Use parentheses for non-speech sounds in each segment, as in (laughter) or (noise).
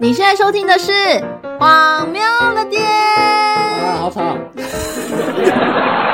你現在收聽的是《荒謬的店》。啊，好吵！ (laughs) (laughs)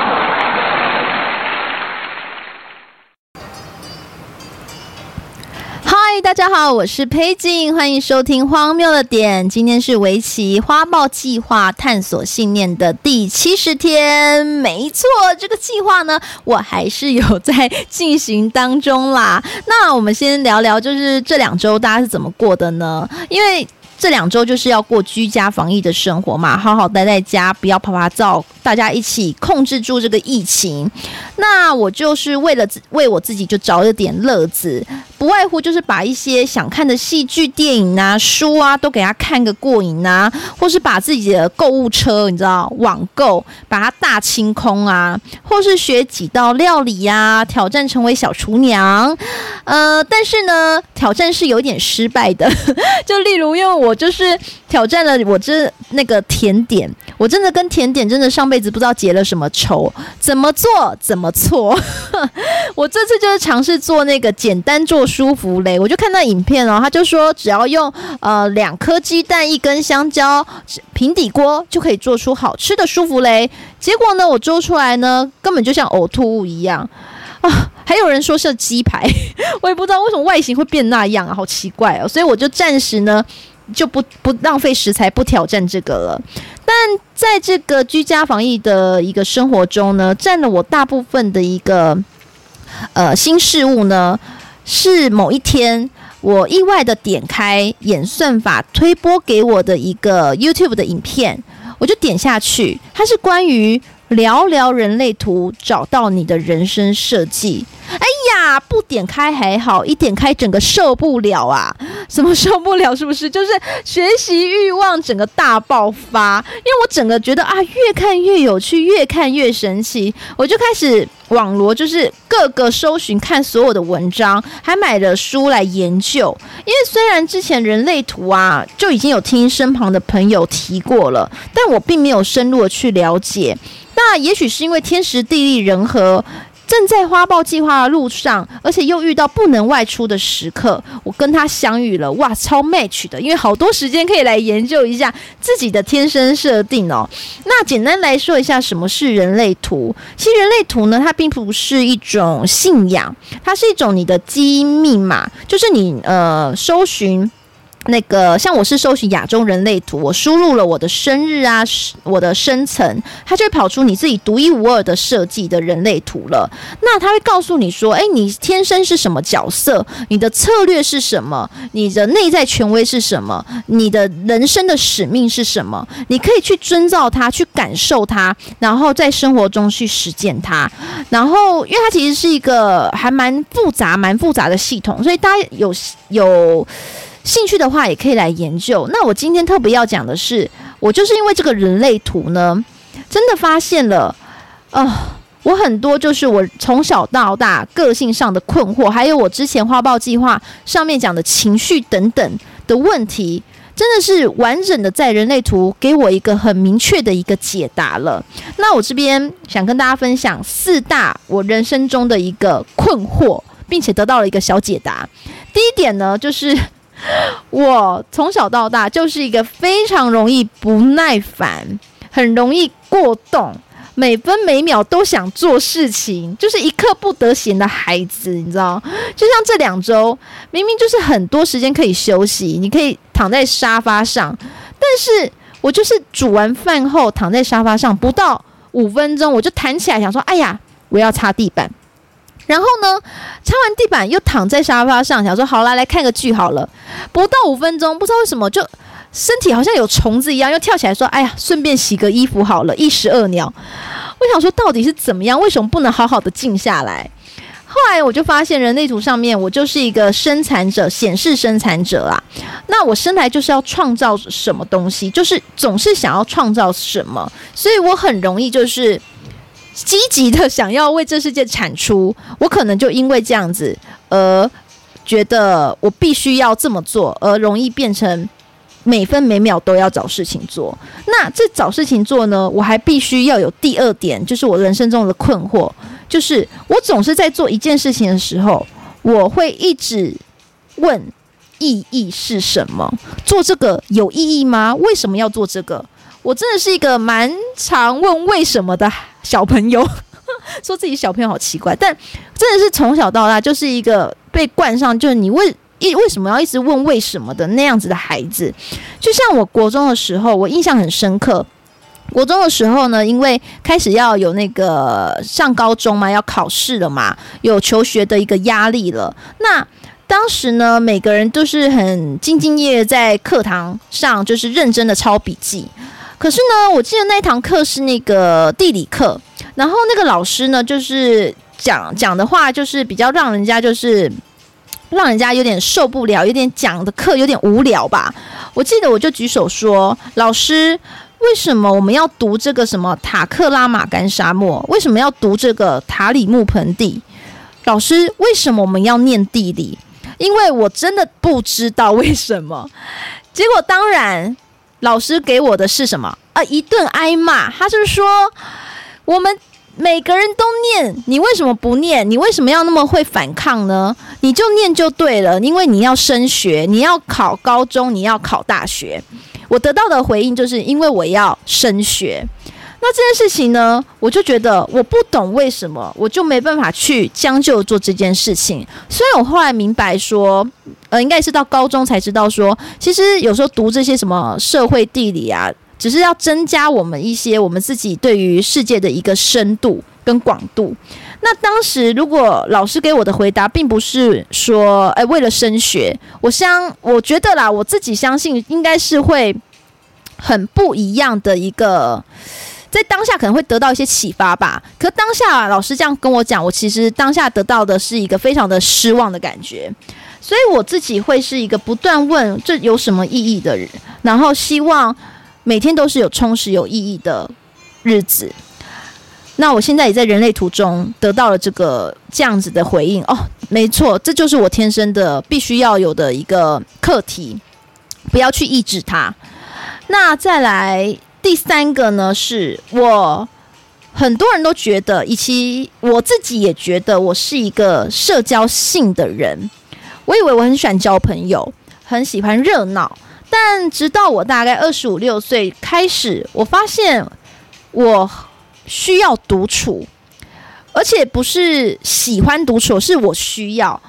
大家好，我是裴靜，歡迎收聽《荒謬的點》。今天是圍棋花豹計劃探索信念的第七十天，沒錯，這個計劃呢，我還是有在進行當中啦。那我們先聊聊，就是這兩週大家是怎麼過的呢？因為這兩周就是要過居家防疫的生活嘛，好好待在家，不要趴趴走，大家一起控制住這個疫情。那我就是為了為我自己就找了點樂子，不外乎就是把一些想看的戲劇、電影啊、書啊都給他看個過癮啊，或是把自己的購物車，你知道，網購把它大清空啊，或是學幾道料理啊，挑戰成為小廚娘。呃，但是呢，挑戰是有點失敗的， (laughs) 就例如因為我。我就是挑戰了，我這那個甜點，我真的跟甜點真的上輩子不知道結了什麼仇，怎麼做怎麼錯。 (laughs) 我這次就是嘗試做那個簡單做舒芙蕾，我就看到影片哦，他就說只要用呃兩顆雞蛋一根香蕉平底鍋就可以做出好吃的舒芙蕾。結果呢，我做出來呢根本就像嘔吐物一樣啊！還有人說是雞排， (laughs) 我也不知道為什麼外形會變那樣啊，好奇怪哦。所以我就暫時呢。就不不浪費食材，不挑戰這個了。但在這個居家防疫的一個生活中呢，占了我大部分的一個呃新事物呢，是某一天我意外的點開演算法推播給我的一個 YouTube 的影片，我就點下去，它是關於。聊聊人類圖，找到你的人生設計。哎呀，不點開還好，一點開整個受不了啊！怎麼受不了？是不是就是學習慾望整個大爆發？因為我整個覺得啊，越看越有趣，越看越神奇。我就開始網羅，就是各個搜尋看所有的文章，還買了書來研究。因為雖然之前人類圖啊，就已經有聽身旁的朋友提過了，但我並沒有深入的去了解。那也許是因為天時地利人和，正在花豹計劃的路上，而且又遇到不能外出的時刻，我跟他相遇了，哇，超 match 的，因為好多時間可以來研究一下自己的天生設定哦。那簡單來說一下什麼是人類圖，其實人類圖呢，它並不是一種信仰，它是一種你的基因密碼，就是你呃搜尋。那個像我是搜尋亞洲人類圖，我輸入了我的生日啊，我的生辰，它就會跑出你自己獨一無二的設計的人類圖了。那它會告訴你說，哎，你天生是什麼角色？你的策略是什麼？你的內在權威是什麼？你的人生的使命是什麼？你可以去遵照它，去感受它，然後在生活中去實踐它。然後，因為它其實是一個還蠻複雜、蠻複雜的系統，所以大家有有。興趣的話，也可以來研究。那我今天特別要講的是，我就是因為這個人類圖呢，真的發現了，呃，我很多就是我從小到大個性上的困惑，還有我之前花豹計劃上面講的情緒等等的問題，真的是完整的在人類圖給我一個很明確的一個解答了。那我這邊想跟大家分享四大我人生中的一個困惑，並且得到了一個小解答。第一點呢，就是。我從小到大就是一個非常容易不耐煩、很容易過動、每分每秒都想做事情、就是一刻不得閒的孩子，你知道？就像這兩周，明明就是很多時間可以休息，你可以躺在沙發上，但是我就是煮完飯後躺在沙發上不到五分鐘，我就彈起來想說：“哎呀，我要擦地板。”然後呢，擦完地板又躺在沙發上，想說好了，來看個劇好了。不到五分鐘，不知道為什麼就身體好像有蟲子一樣，又跳起來說：“哎呀，順便洗個衣服好了，一石二鳥。”我想說到底是怎麼樣？為什麼不能好好的靜下來？後來我就發現人類圖上面，我就是一個生產者，顯示生產者啊。那我生來就是要創造什麼東西，就是總是想要創造什麼，所以我很容易就是。積極的想要為這世界產出，我可能就因為這樣子而覺得我必須要這麼做，而容易變成每分每秒都要找事情做。那這找事情做呢？我還必須要有第二點，就是我人生中的困惑，就是我總是在做一件事情的時候，我會一直問意義是什麼？做這個有意義嗎？為什麼要做這個？我真的是一個蠻常問為什麼的。小朋友說自己小朋友好奇怪，但真的是從小到大就是一個被冠上，就是你為一為什麼要一直問為什麼的那樣子的孩子。就像我國中的時候，我印象很深刻。國中的時候呢，因為開始要有那個上高中嘛，要考試了嘛，有求學的一個壓力了。那當時呢，每個人都是很兢兢業業，在課堂上就是認真的抄筆記。可是呢，我記得那一堂課是那個地理課，然後那個老師呢，就是講講的話，就是比較讓人家就是讓人家有點受不了，有點講的課有點無聊吧。我記得我就舉手說：“老師，為什麼我們要讀這個什麼塔克拉瑪干沙漠？為什麼要讀這個塔里木盆地？老師，為什麼我們要念地理？因為我真的不知道為什麼。”結果當然，老師給我的是什麼？呃、啊，一頓挨罵。他就說，我們每個人都念，你為什麼不念？你為什麼要那麼會反抗呢？你就念就對了，因為你要升學，你要考高中，你要考大學。我得到的回應就是因為我要升學。那這件事情呢，我就覺得我不懂為什麼，我就沒辦法去將就做這件事情。雖然我後來明白說，呃，應該是到高中才知道說，其實有時候讀這些什麼社會地理啊，只是要增加我們一些我們自己對於世界的一個深度跟廣度。那當時如果老師給我的回答並不是說，哎、呃，為了升學，我相我覺得啦，我自己相信應該是會很不一樣的一個。在當下可能會得到一些啟發吧，可當下、啊、老師這樣跟我講，我其實當下得到的是一個非常的失望的感覺，所以我自己會是一個不斷問這有什麼意義的人，然後希望每天都是有充實有意義的日子。那我現在也在人類圖中得到了這個這樣子的回應哦，沒錯，這就是我天生的必須要有的一個課題，不要去抑制它。那再來。第三個呢，是我很多人都覺得，以及我自己也覺得，我是一個社交性的人。我以為我很喜歡交朋友，很喜歡熱鬧。但直到我大概二十五六歲開始，我發現我需要獨處，而且不是喜歡獨處，是我需要。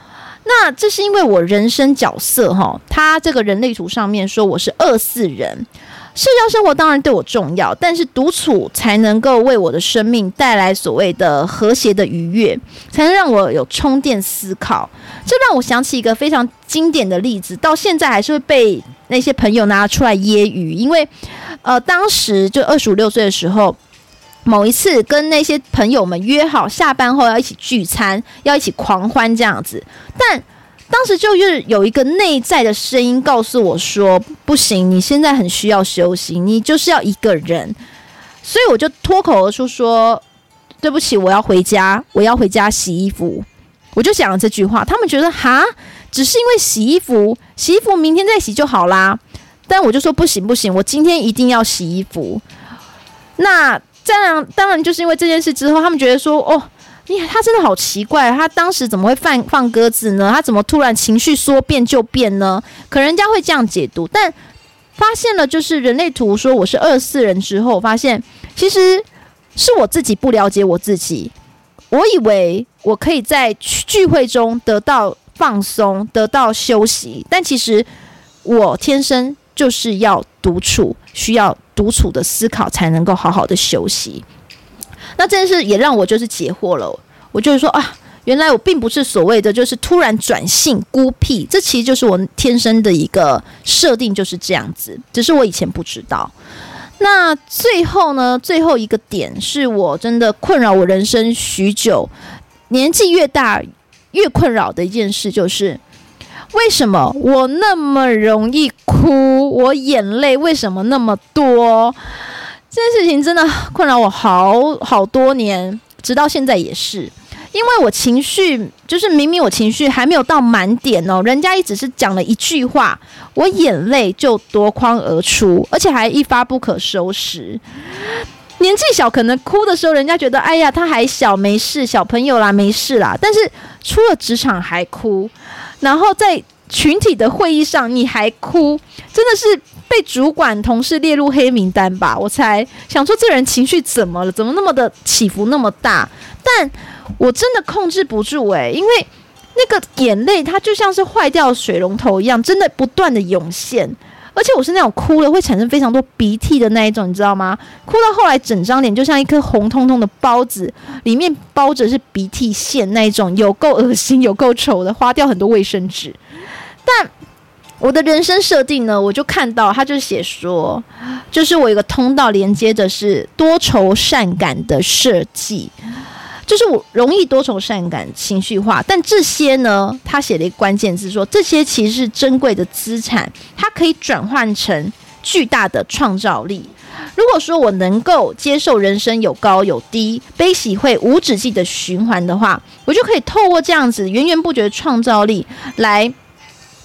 那這是因為我人生角色哈、哦，他這個人類圖上面說我是二四人。社交生活當然對我重要，但是獨處才能夠為我的生命帶來所謂的和諧的愉悅，才能讓我有充電思考。這讓我想起一個非常經典的例子，到現在還是會被那些朋友拿出來揶揄。因為，呃，當時就二十五六歲的時候，某一次跟那些朋友們約好下班後要一起聚餐，要一起狂歡這樣子，但。當時就有一個內在的聲音告訴我說：“不行，你現在很需要休息，你就是要一個人。”所以我就脫口而出說：“對不起，我要回家，我要回家洗衣服。”我就講了這句話，他們覺得哈，只是因為洗衣服，洗衣服明天再洗就好啦。但我就說不行不行，我今天一定要洗衣服。那這樣，當然就是因為這件事之後，他們覺得說：“哦。”他真的好奇怪，他當時怎麼會放放鴿子呢？他怎麼突然情緒說變就變呢？可能人家會這樣解讀，但發現了就是人類圖說我是二四人之後，發現其實是我自己不了解我自己。我以為我可以在聚會中得到放鬆，得到休息，但其實我天生就是要獨處，需要獨處的思考才能夠好好的休息。那這件事也讓我就是解惑了，我就是說啊，原來我並不是所謂的就是突然轉性孤僻，這其實就是我天生的一個設定就是這樣子，只是我以前不知道。那最後呢，最後一個點是我真的困擾我人生許久，年紀越大越困擾的一件事就是，為什麼我那麼容易哭，我眼淚為什麼那麼多？這件事情真的困擾我好好多年，直到現在也是，因為我情緒就是明明我情緒還沒有到滿點哦，人家也只是講了一句話，我眼淚就奪眶而出，而且還一發不可收拾。年紀小，可能哭的時候，人家覺得哎呀，他還小，沒事，小朋友啦，沒事啦。但是出了職場還哭，然後在。群體的會議上你還哭，真的是被主管同事列入黑名單吧？我才想說，這人情緒怎麼了，怎麼那麼的起伏那麼大？但我真的控制不住誒、欸，因為那個眼淚它就像是壞掉的水龍頭一樣，真的不斷的湧現。而且我是那種哭了會產生非常多鼻涕的那一種，你知道嗎？哭到後來整張臉就像一顆紅彤彤的包子，裡面包着是鼻涕腺，那一種，有夠噁心，有夠醜的，花掉很多衛生紙。但我的人生設定呢？我就看到他，就寫說，就是我一個通道連接的是多愁善感的設計，就是我容易多愁善感情緒化。但這些呢，他寫了一個關鍵字說，說這些其實是珍貴的資產，它可以轉換成巨大的創造力。如果說我能夠接受人生有高有低，悲喜會無止境的循環的話，我就可以透過這樣子源源不絕的創造力來。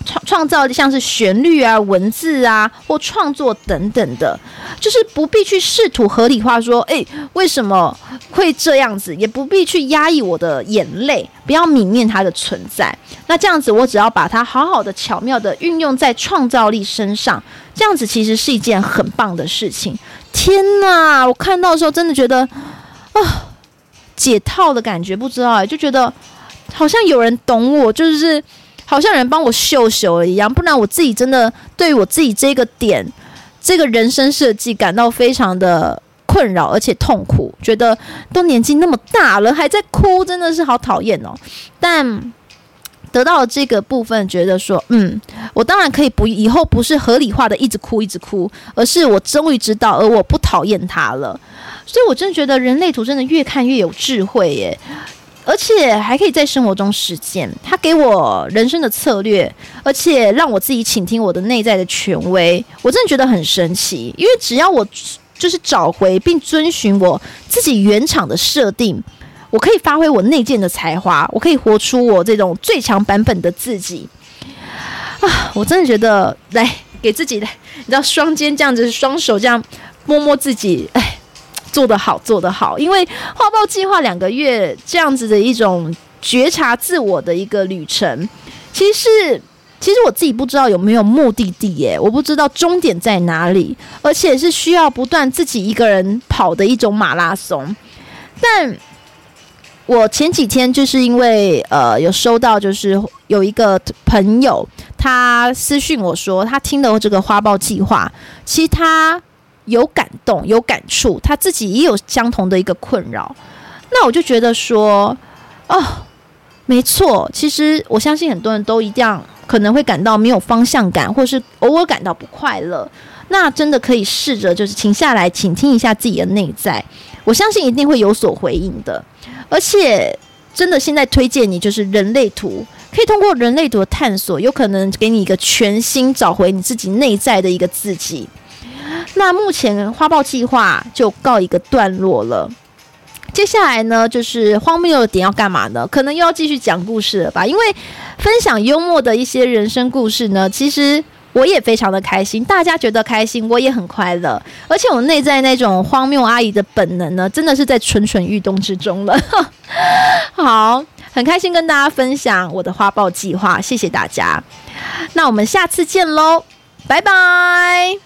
創創造像是旋律啊、文字啊或創作等等的，就是不必去試圖合理化說，哎，為什麼會這樣子？也不必去壓抑我的眼淚，不要泯滅它的存在。那這樣子，我只要把它好好的、巧妙的運用在創造力身上，這樣子其實是一件很棒的事情。天哪，我看到的時候真的覺得啊，解套的感覺不知道、欸，就覺得好像有人懂我，就是。好像有人幫我秀秀了一樣，不然我自己真的對我自己這個點、這個人生設計感到非常的困擾，而且痛苦，覺得都年紀那麼大了還在哭，真的是好討厭哦。但得到了這個部分，覺得說，嗯，我當然可以不，以後不是合理化的一直哭一直哭，而是我終於知道，而我不討厭他了。所以，我真的覺得人類圖真的越看越有智慧耶。而且還可以在生活中實踐，他給我人生的策略，而且讓我自己傾聽我的內在的權威，我真的覺得很神奇。因為只要我就是找回並遵循我自己原廠的設定，我可以發揮我內建的才華，我可以活出我這種最強版本的自己啊！我真的覺得，來給自己來，你知道，雙肩這樣子，雙手這樣摸摸自己，哎。做得好，做得好，因為花豹計劃兩個月這樣子的一種覺察自我的一個旅程，其實其實我自己不知道有沒有目的地耶，我不知道終點在哪裡，而且是需要不斷自己一個人跑的一種馬拉松。但我前幾天就是因為呃有收到，就是有一個朋友他私訊我說他聽到這個花豹計劃，其他。有感動，有感觸，他自己也有相同的一個困擾，那我就覺得說，哦，沒錯，其實我相信很多人都一樣，可能會感到沒有方向感，或是偶爾感到不快樂，那真的可以試着就是停下來，傾聽一下自己的內在，我相信一定會有所回應的。而且，真的現在推薦你就是人類圖，可以通過人類圖的探索，有可能給你一個全新找回你自己內在的一個自己。那目前花豹計劃就告一個段落了，接下來呢，就是荒謬的點要幹嘛呢？可能又要繼續講故事了吧？因為分享幽默的一些人生故事呢，其實我也非常的開心，大家覺得開心，我也很快樂，而且我內在那種荒謬阿姨的本能呢，真的是在蠢蠢欲動之中了。 (laughs) 好，很開心跟大家分享我的花豹計劃，謝謝大家，那我們下次見嘍，拜拜。